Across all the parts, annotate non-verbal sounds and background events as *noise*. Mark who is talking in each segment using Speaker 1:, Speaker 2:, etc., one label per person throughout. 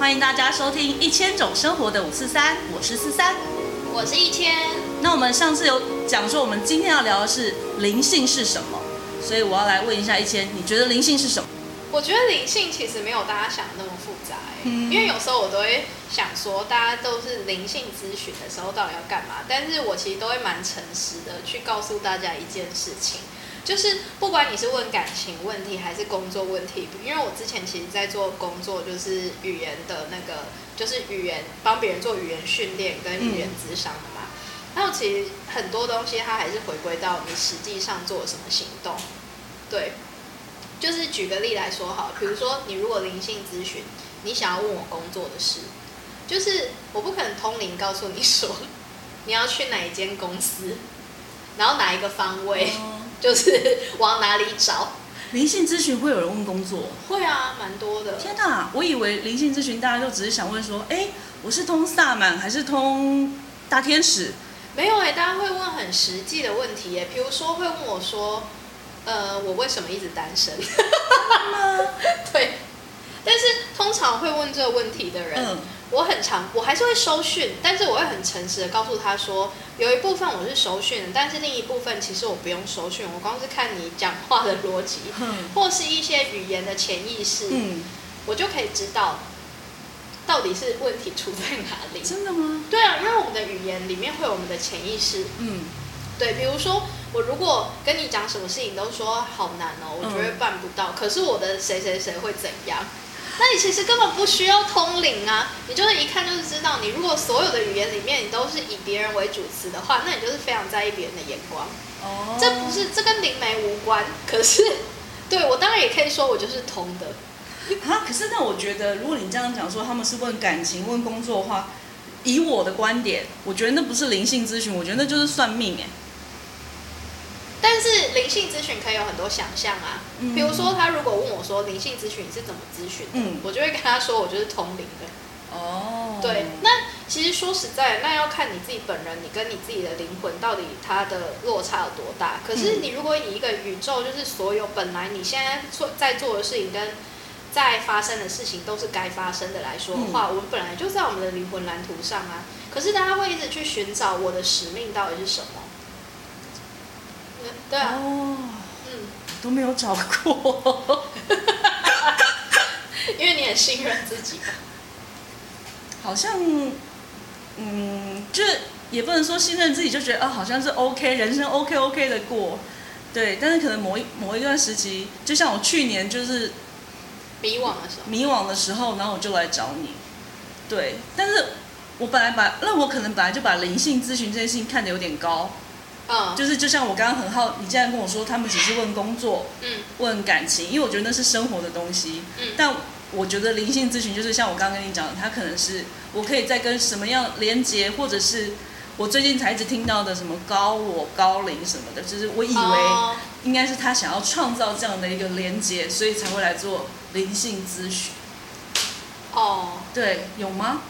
Speaker 1: 歡迎大家收聽一千種生活的五四三，我是四三，我是一千。那我們上次有講說，我們今天要聊的是靈性是什麼，所以我要來問一下一千，你覺得靈性是什麼？
Speaker 2: 我覺得靈性其實沒有大家想的那麼複雜，嗯，因為有時候我都會想說，大家都是靈性諮詢的時候到底要幹嘛？但是我其實都會蠻誠實的去告訴大家一件事情。就是不管你是問感情問題還是工作問題，因為我之前其實在做工作，就是語言的那個，就是語言幫別人做語言訓練跟語言諮商的嘛、嗯。然後其實很多東西它還是回歸到你實際上做什麼行動。對，就是舉個例來說好，比如說你如果靈性諮詢，你想要問我工作的事，就是我不可能通靈告訴你說你要去哪一間公司，然後哪一個方位。嗯就是往哪裡找？靈性諮詢會有人問工作？會啊，蠻多
Speaker 1: 的。天哪、啊，我以為靈性諮詢大家就只是想問說，哎、欸，我是通薩滿還是通大天使？
Speaker 2: 沒有哎、欸，大家會問很實際的問題哎、欸，譬如說會問我說，呃，我為什麼一直單身？ *laughs* *laughs* *laughs* 對。但是通常會問這個問題的人，我很常我還是會收訊，但是我會很誠實的告訴他說，有一部分我是收訊，但是另一部分其實我不用收訊，我光是看你講話的邏輯，嗯、或是一些語言的潛意識嗯、我就可以知道到底是問題出在哪裡。真的嗎？對啊，因為我們的語言裡面會有我們的潛意識嗯，對，比如說我如果跟你講什麼事情都說好難哦，我覺得辦不到，嗯、可是我的誰誰誰會怎樣？那你其實根本不需要通靈啊，你就是一看就是知道。你如果所有的語言裡面你都是以別人為主詞的話，那你就是非常在意別人的眼光。哦，這不是這跟靈媒無關。可是，對，我當然也可以說我就是通的。啊，
Speaker 1: 可是那我覺得，如果你這樣講說他們是問感情、問工作的話，以我的觀點，我覺得那不是靈性諮詢，我覺得那就是算命哎。
Speaker 2: 但是靈性諮詢可以有很多想象啊，比如說、嗯、他如果問我說，靈性諮詢你是怎麼諮詢的、嗯，我就會跟他說我就是通靈的。哦，對，那其實說實在，那要看你自己本人，你跟你自己的靈魂到底它的落差有多大。可是你如果以一個宇宙，就是所有本來你現在做在做的事情跟在發生的事情都是該發生的來說的話，嗯、我們本來就在我們的靈魂藍圖上啊。可是大家會一直去尋找我的使命到底是什麼？
Speaker 1: 對啊、哦，嗯，都沒有找過，
Speaker 2: *laughs* *laughs* 因為你很信任自己吧？
Speaker 1: 好像，嗯，就也不能說信任自己就覺得啊、哦，好像是 OK，人生 OK OK 的過，對。但是可能某一某一段時期，就像我去年就是迷惘的時候，迷惘的時候，然後我就來找你，對。但是我本來把，那我可能本來就把靈性諮詢這件事情看得有點高。就是就像我剛剛很好，你既然跟我說他們只是問工作、嗯，問感情，因為我覺得那是生活的東西，嗯，但我覺得靈性諮詢就是像我剛剛跟你講的，他可能是我可以再跟什麼樣連接，或者是我最近才一直聽到的什麼高我高靈什麼的，就是我以為應該是他想要創造這樣的一個連接，所以才會來做靈性諮詢。哦，對，有嗎？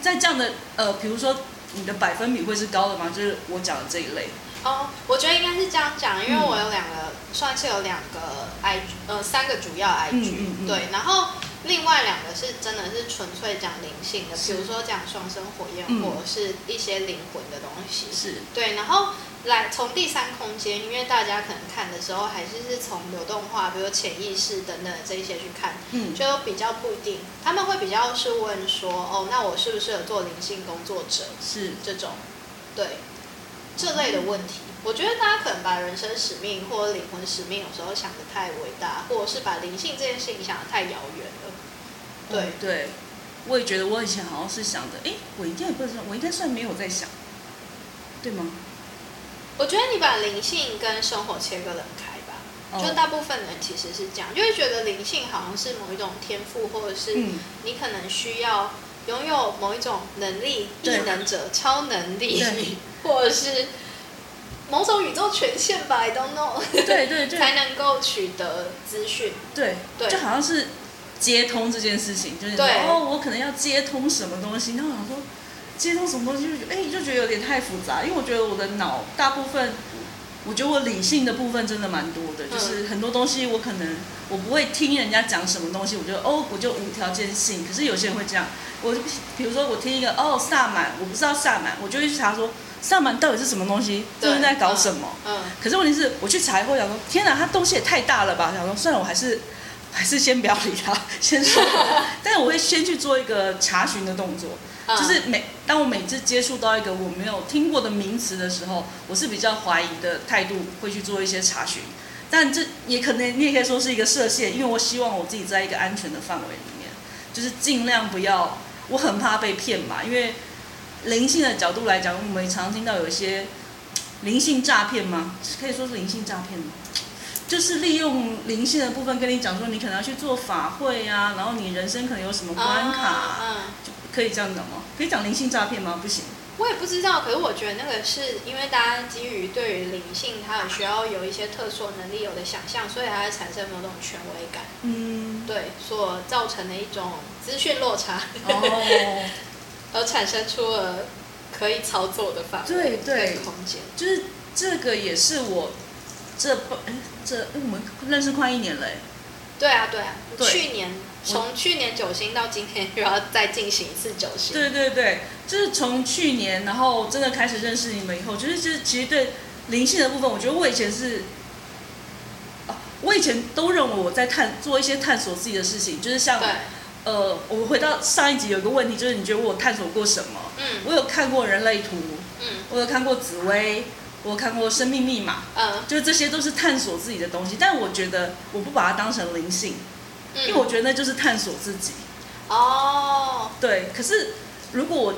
Speaker 1: 在這樣的呃，比如說。你的百分比會是高的嗎？就是我講的這一類
Speaker 2: 哦，oh, 我覺得應該是這樣講，因為我有兩個，嗯、算是有兩個 I，呃，三個主要 IG，嗯嗯嗯、對，然後另外兩個是真的是純粹講靈性的，比如說講雙生火焰或、嗯、是一些靈魂的東西，是對，然後。來從第三空間，因為大家可能看的時候還是是從流動化，比如潛意識等等這一些去看，嗯，就比較不一定。他們會比較是問說：“哦，那我是不是有做靈性工作者？”是這種，對這類的問題、嗯，我覺得大家可能把人生使命或靈魂使命有時候想得太偉大，或者是把靈性這件事情想得太遙遠了。
Speaker 1: 對、哦、對，我也覺得我以前好像是想的，哎，我應該也不算，我應該
Speaker 2: 算沒有在想，
Speaker 1: 對嗎？”
Speaker 2: 我覺得你把靈性跟生活切割得很開吧，就大部分人其實是這樣，就會覺得靈性好像是某一種天賦，或者是你可能需要擁有某一種能力，異能者、超能力，或者是某種宇宙權限吧，I don't know。對對，對，對才能夠取得資訊。對對，就好像是
Speaker 1: 接通這件事情，就是對，然後我可能要接通什麼東西，然後想說。接通什麼東西就覺得，就、欸、哎，就覺得有點太複雜。因為我覺得我的腦大部分，我覺得我理性的部分真的蠻多的，就是很多東西我可能我不會聽人家講什麼東西，我覺得哦，我就無條件信。可是有些人會這樣，我比如說我聽一個哦薩滿，我不知道薩滿，我就會去查說薩滿到底是什麼東西，就是在搞什麼嗯。嗯。可是問題是我去查以後，想說天哪，他東西也太大了吧？想說算了，我還是我還是先不要理他，先說。 *laughs* 但是我會先去做一個查詢的動作。就是每當我每次接觸到一個我沒有聽過的名詞的時候，我是比較懷疑的態度會去做一些查詢，但這也可能你也可以說是一個設限，因為我希望我自己在一個安全的範圍裡面，就是盡量不要，我很怕被騙嘛。因為靈性的角度來講，我們常聽到有一些靈性詐騙嘛，可以說是靈性詐騙嘛，就是利用靈性的部分跟你講說，你可能要去做法會啊，然後你人生可能有什麼關卡啊。Uh, uh. 可以這樣講嗎？可以講靈性詐騙嗎？不行。
Speaker 2: 我也不知道，可是我覺得那個是因為大家基於對於靈性，它有需要有一些特殊能力有的想象，所以它還產生某種權威感。嗯，對，所造成的一種資訊落差、 *laughs* 哦，而產生出了可以操作的範圍，
Speaker 1: 對對，空間。就是這個也是我
Speaker 2: 這不哎、欸、這、欸、我們認識快一年了、欸、對啊對啊對，去年。從去年九星到今天，又要再進行一次九
Speaker 1: 星。對對對，就是從去年，然後真的開始認識你們以後，就是就是其實對靈性的部分，我覺得我以前是，啊，我以前都認為我在探做一些探索自己的事情，就是像，呃，我回到上一集有一個問題，就是你覺得我探索過什麼？嗯，我有看過人類圖，嗯，我有看過紫微，我有看過生命密碼，嗯，就是這些都是探索自己的東西，但我覺得我不把它當成靈性。因為我覺得那就是探索自己、嗯、哦，對。可是如果我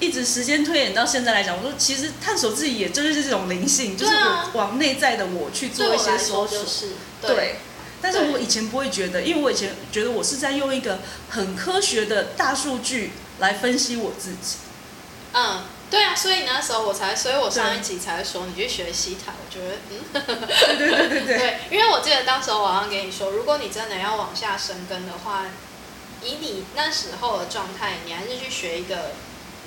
Speaker 1: 一直時間推演到現在來講，我說其實探索自己也真的是這種靈性，嗯、就是我、啊、往內在的我去做一些搜索，對，就是對，對。但是我以前不會覺得，因為我以前覺得我是在用一個很科學的大數據來分析我自己，嗯。
Speaker 2: 所以那時候我才，所以我上一集才說你去學西塔，我覺得嗯，對對對對，對，對, *laughs* 對，因為我記得當時我好像跟你說，如果你真的要往下深耕的話，以你那時候的狀態，你還是去學一個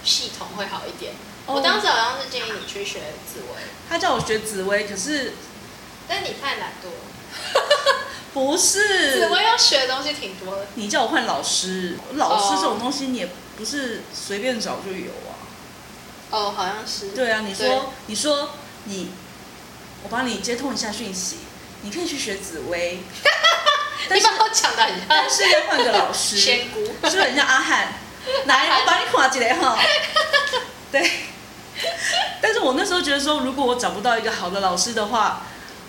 Speaker 2: 系統會好一點。哦，我當時好像是建議你去學紫微，
Speaker 1: 他叫我學紫微，可是，
Speaker 2: 但你太懶惰，
Speaker 1: *laughs* 不是紫微要
Speaker 2: 學的東西挺多的。
Speaker 1: 你叫我換老師，老師這種東西你也不是隨便找就有啊。嗯
Speaker 2: 哦、oh，好像是。對啊，你說，
Speaker 1: 你說，你，我幫你接通一下訊息，你可以去學紫薇。但是 *laughs* 你把我講得很像，但是要換個老師。仙姑，是不是很像阿翰？啊、來，啊、我幫你畫起來哈。啊、 *laughs* 對。但是我那時候覺得說，如果我找不到一個好的老師的話，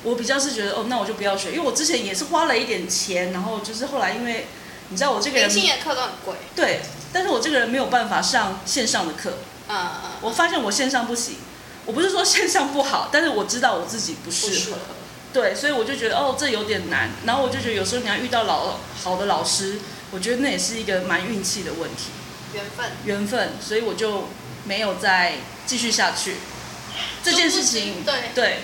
Speaker 1: 我比較是覺得哦，那我就不要學，因為我之前也是花了一點錢，然後就是後來因為，你知道我這個人，星的
Speaker 2: 課都很貴。
Speaker 1: 對，但是我這個人沒有辦法上線上的課。嗯、uh，我發現我線上不行，我不是說線上不好，但是我知道我自己不適合。適合。對，所以我就覺得哦，這有點難。然後我就覺得有時候你要遇到老好的老師，我覺得那也是一個蠻運氣的問題。緣
Speaker 2: 分。緣
Speaker 1: 分。所以我就沒有再繼續下去
Speaker 2: 這件事情。對
Speaker 1: 對。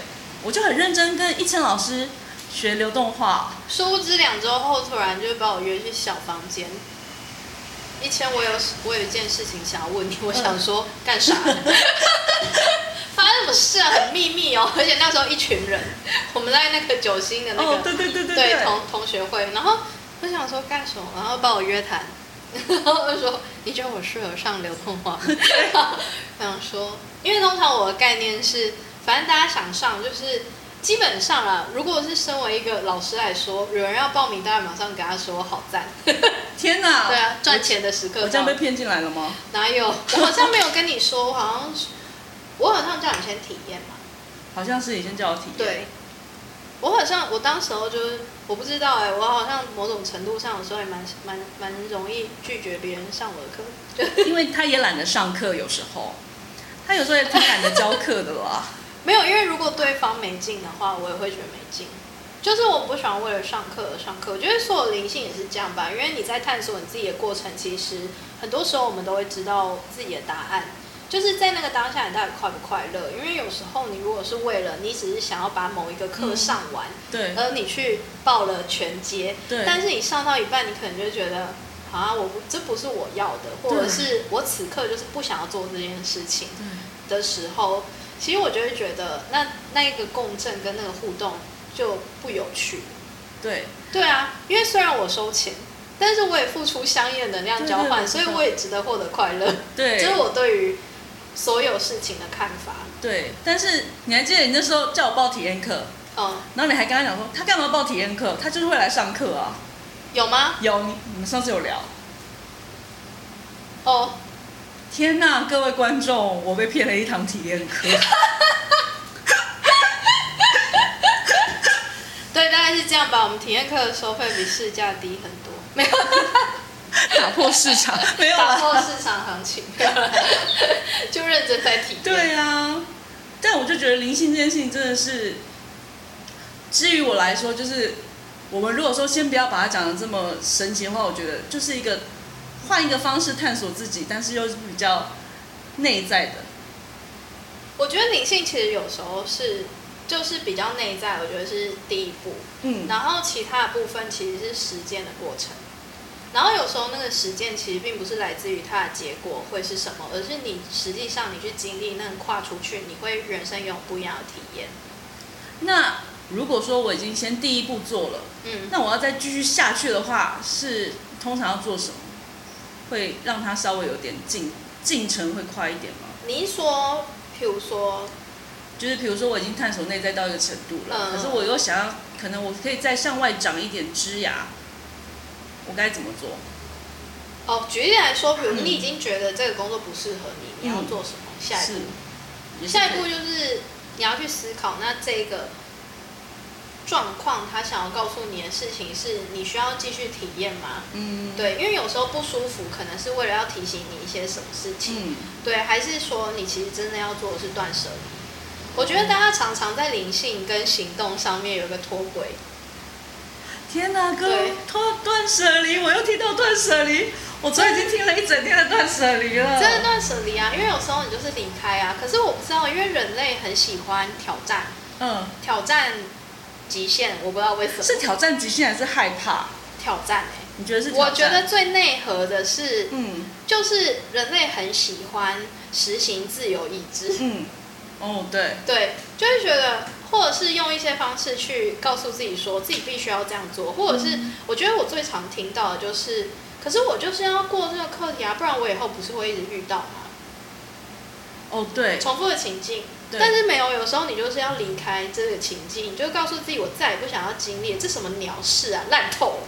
Speaker 1: 我就很認真跟一謙老師學流動畫。
Speaker 2: 殊不知兩周後，突然就會把我約去小房間。以前我有我有一件事情想要問你，我想說，幹啥？嗯、 *laughs* 發生什麼事啊？很秘密哦，而且那時候一群人，我們在那個九星的那個，哦、對，對，對，對，對，對，同同學會。然後我想說，幹什麼？然後幫我約談，然後就說，你覺得我適合上流通話？我想說，因為通常我的概念是，反正大家想上就是基本上啊，如果是身為一個老師來說，有人要報名，當然馬上給他說好贊。
Speaker 1: 天哪對、啊！賺錢的時刻，我這樣被騙進來了嗎？
Speaker 2: 哪有？我好像沒有跟你說，好像是我好像叫你先體驗嘛。好像是你先叫我體驗。對，我好像我當時候就是我不知道哎、欸，我好像某種程度上有時候也蠻蠻蠻容易拒絕別人上我的課，
Speaker 1: 因為他也懶得上課，有時候
Speaker 2: 他有時候也挺懶
Speaker 1: 得教課的吧？
Speaker 2: *laughs* 沒有，因為如果對方沒勁的話，我也會覺得沒勁。就是我不喜歡為了上課而上課，我覺得所有靈性也是這樣吧。因為你在探索你自己的過程，其實很多時候我們都會知道自己的答案，就是在那個當下你到底快不快樂。因為有時候你如果是為了你只是想要把某一個課上完、嗯，對，而你去報了全階，對，但是你上到一半，你可能就覺得好像、啊、我這不是我要的，或者是我此刻就是不想要做這件事情，的時候、嗯，其實我就會覺得那那一個共振跟那個互動。就不有趣。對，對啊，因為雖然我收錢，但是我也付出相應的能量交換，所以我也值得獲得快樂。對，這是我對於所有事情的看法。
Speaker 1: 對，但是你還記得你那時候叫我報體驗課，嗯、哦，然後你還跟他講說他幹嘛報體驗課，他就是會來上課啊？有嗎？有，你你們上次有聊。哦，天哪，各位觀眾，我被騙了一堂體驗課。 *laughs*
Speaker 2: 把我們體驗課的收費比市價低很多，沒
Speaker 1: 有 *laughs* 打破市場，沒 *laughs* 有打破
Speaker 2: 市場行情， *laughs* 就認
Speaker 1: 真在體驗。對啊，但我就覺得靈性這件事情真的是，至於我來說，就是我們如果說先不要把它講得這麼神奇的話，我覺得就是一個換一個方式探索自己，但是又是比較內在的。
Speaker 2: 我覺得靈性其實有時候是就是比較內在，我覺得是第一步。嗯、然後其他的部分其實是實踐的過程，然後有時候那個實踐其實並不是來自於它的結果會是什麼，而是你實際上你去經歷，那你跨出去，你會人生有不一樣的體驗。
Speaker 1: 那如果說我已經先第一步做了，嗯，那我要再繼續下去的話是，是通常要做什麼，會讓它稍微有點進進程會快一點嗎？
Speaker 2: 你說，譬如說，就是譬如說我已經探
Speaker 1: 索內在到一個程度了，嗯、可是我又想要。可能我可以再向外長一點枝芽，我該怎麼做？
Speaker 2: 哦、oh，舉例來說，比如你已經覺得這個工作不適合你，嗯，你要做什麼？嗯、下一步是是，下一步就是你要去思考，那這個狀況他想要告訴你的事情，是你需要繼續體驗嗎？嗯，對，因為有時候不舒服，可能是為了要提醒你一些什麼事情。嗯，對，還是說你其實真的要做的是斷舍離？我覺得大家常常在靈性跟行動上面有個脫軌，
Speaker 1: 嗯。天哪，哥，斷舍離，我又聽到斷舍離，我昨天已經聽了一整天的斷舍離了。真的斷
Speaker 2: 舍離啊，因為有時候你就是離開啊。可是我不知道，因為人類很喜歡挑戰，嗯，挑戰極限，我不知道為什麼是挑戰極限還是害怕挑戰，欸？哎，你覺得是挑戰？我覺得最內核的是，嗯，就是人類很喜歡實行自由意志，嗯。哦、oh,，對對，就會覺得，或者是用一些方式去告訴自己說，說自己必須要這樣做，或者是、嗯、我覺得我最常聽到的就是，可是我就是要過這個課題啊，不然我以後不是會一直遇到嗎？哦、oh,，對，重複的情境，但是沒有，有時候你就是要離開這個情境，你就告訴自己，我再也不想要經歷這什麼鳥事啊，爛透。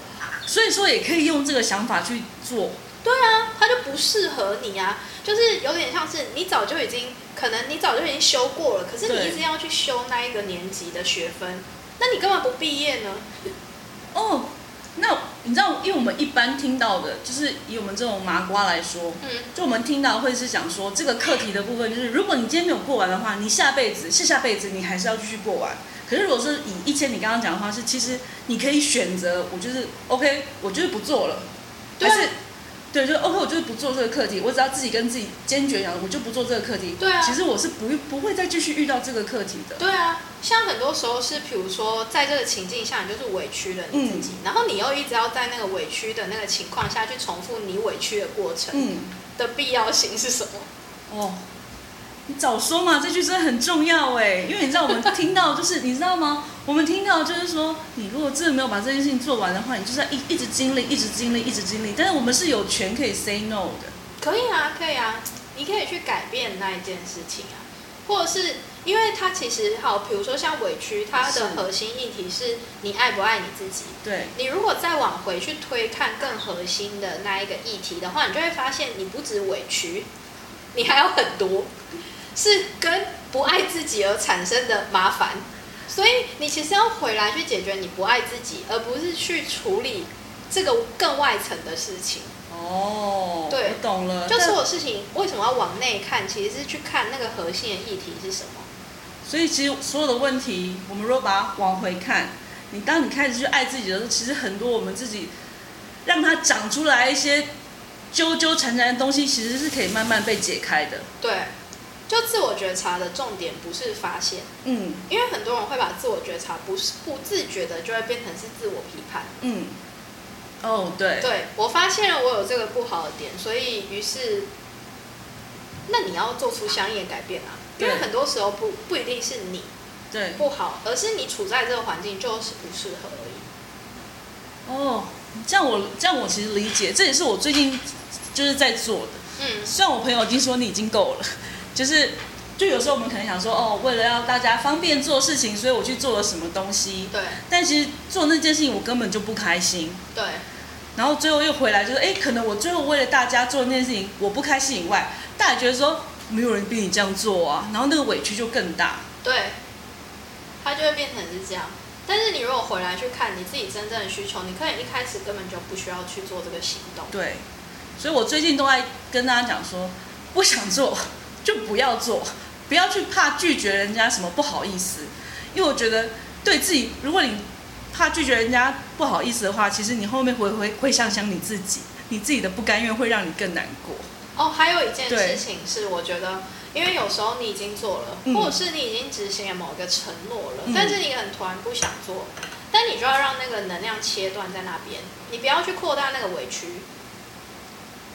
Speaker 1: 所以說，也可以用這個想法去做。
Speaker 2: 對啊，它就不適合你啊，就是有點像是你早就已經。可能你早就已經修過了，可是你一直要去修那一個年級的學分，那你幹嘛不畢業呢？哦、oh,，那你知道，因為我們一般聽到
Speaker 1: 的，就是以我們這種麻瓜來說，嗯，就我們聽到會是想說，這個課題的部分就是，如果你今天沒有過完的話，你下輩子是下輩子你還是要繼續過完。可是如果是以以前你剛剛講的方式，是其實你可以選擇，我就是 OK，我就是不做了，但是。對，就 OK。我就是不做這個課題，我只要自己跟自己堅決講，我就不做這個課題。對啊，其實我是不不會再繼續遇到這個課題的。對
Speaker 2: 啊，像很多時候是，比如說在這個情境下，你就是委屈了你自己、嗯，然後你又一直要在那個委屈的那個情況下去重複你委屈的過程的必要性是什麼？嗯、哦，你
Speaker 1: 早說嘛，這句真的很重要哎，因為你知道我們聽到就是 *laughs* 你知道嗎？我們聽到就是說，你如果真的沒有把這件事情做完的話，你就是要一一直經歷，一直經歷，一直經歷。但是我們是有權可以 say no 的，
Speaker 2: 可以啊，可以啊，你可以去改變那一件事情啊，或者是因為它其實好，比如說像委屈，它的核心議題是你愛不愛你自己。對，你如果再往回去推看更核心的那一個議題的話，你就會發現你不只委屈，你還有很多是跟不愛自己而產生的麻煩。所以你其實要回來去解決你不愛自己，而不是去處理這個更外層的事情。哦，
Speaker 1: 對，我懂了。就是所有事
Speaker 2: 情為什麼要往內看？其實是去看那個核心的議題是什麼。
Speaker 1: 所以其實所有的問題，我們如果把它往回看，你當你開始去愛自己的時候，其實很多我們自己讓它長出來一些糾糾纏纏的東西，其實是可以慢慢被解開的。對。
Speaker 2: 就自我覺察的重點不是發現，嗯，因為很多人會把自我覺察不是不自覺的，就會變成是自我批判，嗯，
Speaker 1: 哦、oh,，對，對
Speaker 2: 我發現了我有這個不好的點，所以於是，那你要做出相應的改變啊，因為很多時候不不一定是你對不好，而是你處在這個環境就是不適合而已。
Speaker 1: 哦、oh,，這樣我這樣我其實理解，這也是我最近就是在做的，嗯，雖然我朋友已經說你已經夠了。就是，就有時候我們可能想說，哦，為了要大家方便做事情，所以我去做了什麼東西。對。但其實做那件事情，我根本就不開心。
Speaker 2: 對。
Speaker 1: 然後最後又回來，就是，哎，可能我最後為了大家做那件事情，我不開心以外，大家覺得說，沒有人逼你這樣做啊，然後那個委屈就更大。對。它就會變
Speaker 2: 成是這樣。但是你如果回來去看你自己真正的需求，你可以一開始根本就不需要去做這個行動。
Speaker 1: 對。所以我最近都愛跟大家講說，不想做。就不要做，不要去怕拒絕人家什麼不好意思，因為我覺得對自己，如果你怕拒絕人家不好意思的話，其實你後面會會會想想你自己，你自己的不甘願會讓你更難過。
Speaker 2: 哦，還有一件事情是，我覺得，因為有時候你已經做了，或者是你已經執行了某一個承諾了，嗯，但是你很突然不想做，嗯，但你就要讓那個能量切斷在那邊，你不要去擴大那個委屈。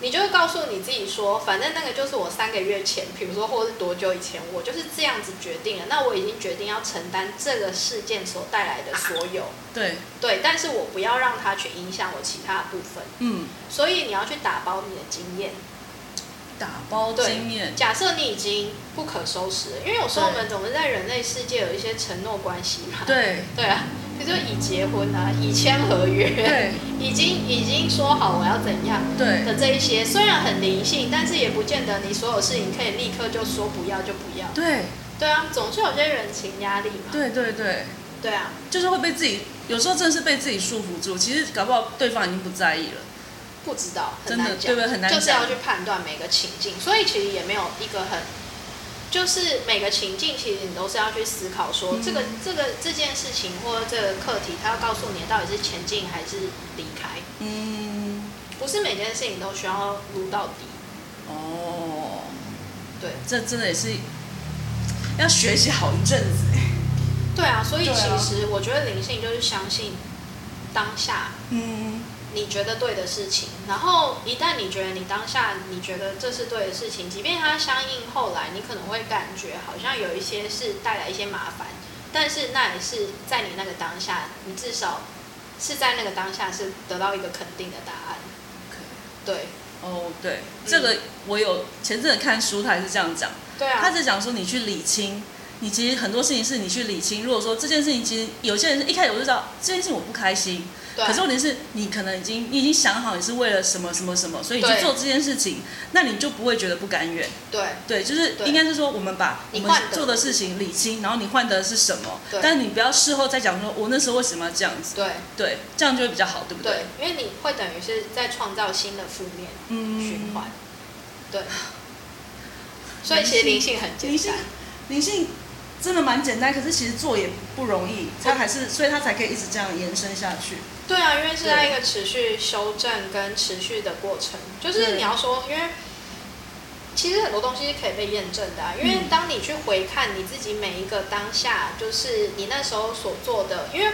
Speaker 2: 你就會告訴你自己說，反正那個就是我三個月前，比如說或者是多久以前，我就是這樣子決定了。那我已經決定要承擔這個事件所帶來的所有，啊、對對，但是我不要讓它去影響我其他的部分。嗯，所以你要去打包你的經驗，打包經驗。假設你已經不可收拾了，因為有時候我們總是在人類世界有一些承諾關係嘛。對對啊。就是已結婚啊，已簽合約，對，已經已經說好我要怎樣，對的這一些，雖然很靈性，但是也不見得你所有事情可以立刻就說不要就不要，對，對啊，總是有些人情壓力嘛，對對對，對啊，就
Speaker 1: 是會被自己，有時候真的是被自己束縛住，其實搞不好對方已經不在意了，
Speaker 2: 不知道，很難講，真的，對不對？很難講，就是要去判斷每個情境，所以其實也沒有一個很就是每個情境，其實你都是要去思考，說這個、嗯、這個、這件事情或這個課題，它要告訴你到底是前進還是離開。
Speaker 1: 嗯，
Speaker 2: 不是每件事情都需要擼到底。哦，對，這真的也是要學習好一陣子。對啊，所以其實我覺得靈性就是相信當下。嗯。你覺得對的事情，然後一旦你覺得你當下你覺得這是對的事情，即便它相應後來你可能會感覺好像有一些是帶來一些麻煩，但是那也是在你那個當下，你至少是在那個當下是得到一個肯定的答案。Okay. 對
Speaker 1: 哦，oh, 對、嗯，這個我有前陣子看書，他也是這樣講。對啊，他是講說你去理清。你其實很多事情是你去理清。如果說這件事情，其實有些人是一開始我就知道這件事情我不開心，對。可是問題是，你可能已經你已經想好，你是為了什麼什麼什麼，所以你去做這件事情，那你就不會覺得不甘願。對。對，就是應該是說，我們把我們做的事情理清，然後你換的是什麼？但是你不要事後再講說，我那時候為什麼要這樣子？對。對，這樣就會比較好，對不對？對，因
Speaker 2: 為你會等於是在創造新的負面循環。嗯、對。所以其實靈性很簡單，靈性。靈
Speaker 1: 性靈性真的蠻簡單，可是其實做也不容易，他還是，所以他才可以一直這樣延伸下去。
Speaker 2: 對啊，因為是在一個持續修正跟持續的過程，就是你要說，因為其實很多東西是可以被驗證的、啊，因為當你去回看、嗯、你自己每一個當下，就是你那時候所做的，因為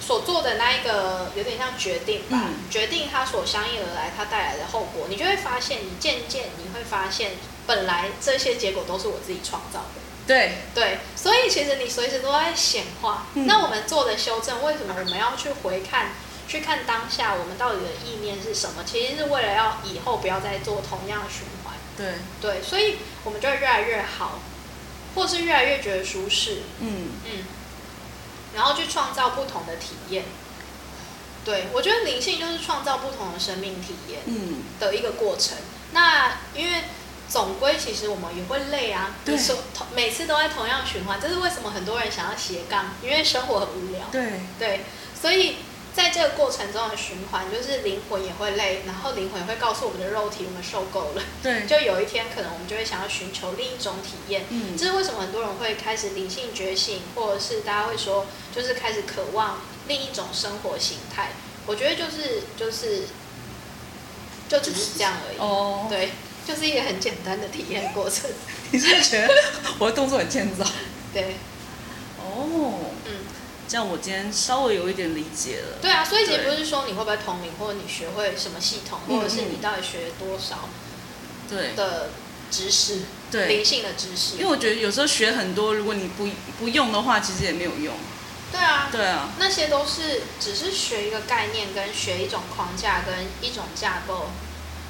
Speaker 2: 所做的那一個有點像決定吧，嗯、決定它所相應而來，它帶來的後果，你就會發現，你漸漸你會發現，本來這些結果都是我自己創造的。對對，所以其實你隨時都在顯化、嗯。那我們做的修正，為什麼我們要去回看、去看當下我們到底的意念是什麼？其實是為了要以後不要再做同樣的循環。對對，所以我們就越來越好，或是越來越覺得舒適。嗯嗯，然後去創造不同的體驗。對，我覺得靈性就是創造不同的生命體驗的一個過程。嗯、那因為。總歸，其實我們也會累啊。對。說同每次都在同樣循環，這是為什麼很多人想要斜槓？因為生活很無聊。對。對。所以，在這個過程中的循環，就是靈魂也會累，然後靈魂也會告訴我們的肉體，我們受夠了。對。就有一天，可能我們就會想要尋求另一種體驗。嗯。這是為什麼很多人會開始靈性覺醒，或者是大家會說，就是開始渴望另一種生活形態？我覺得就是就是，就只是這樣而已。哦。對。就是一個很簡單的體驗過程。 *laughs* 你是覺
Speaker 1: 得我的動作很欠揍？
Speaker 2: 對。哦、oh,。嗯。這
Speaker 1: 樣我今天稍微有一點理解了。對啊，所以其實不是說
Speaker 2: 你會不會通靈，或者你學會什麼系統，嗯、或者是你到底學多少？
Speaker 1: 對。的知識，
Speaker 2: 對，靈性的知識、嗯。因為我覺
Speaker 1: 得有時候學很多，如果你不不用的話，其實也沒有用。
Speaker 2: 對啊，對啊。那些都是只是學一個概念，跟學一種框架，跟一種架構。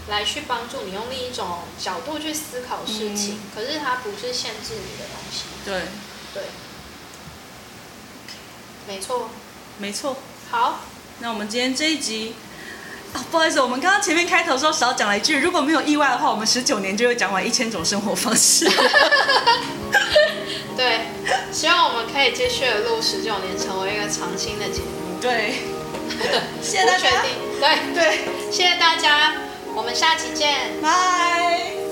Speaker 2: 來去幫助你用另一種角度去思考事情，嗯，可是它不是限制你的東西。對，對，沒錯，
Speaker 1: 沒錯。好，那我們今天這一集，啊、哦，不好意思，我們剛剛前面開頭的時候，少講了一句，如果沒有意外的話，我們十九年就會講完一千種生活方式。
Speaker 2: *laughs* *laughs* 對，希望我們可以繼續的錄十九年，成為一個長青的節目。對， *laughs* 謝謝大家。對對， *laughs* 對，謝謝大家。我們下期見，拜。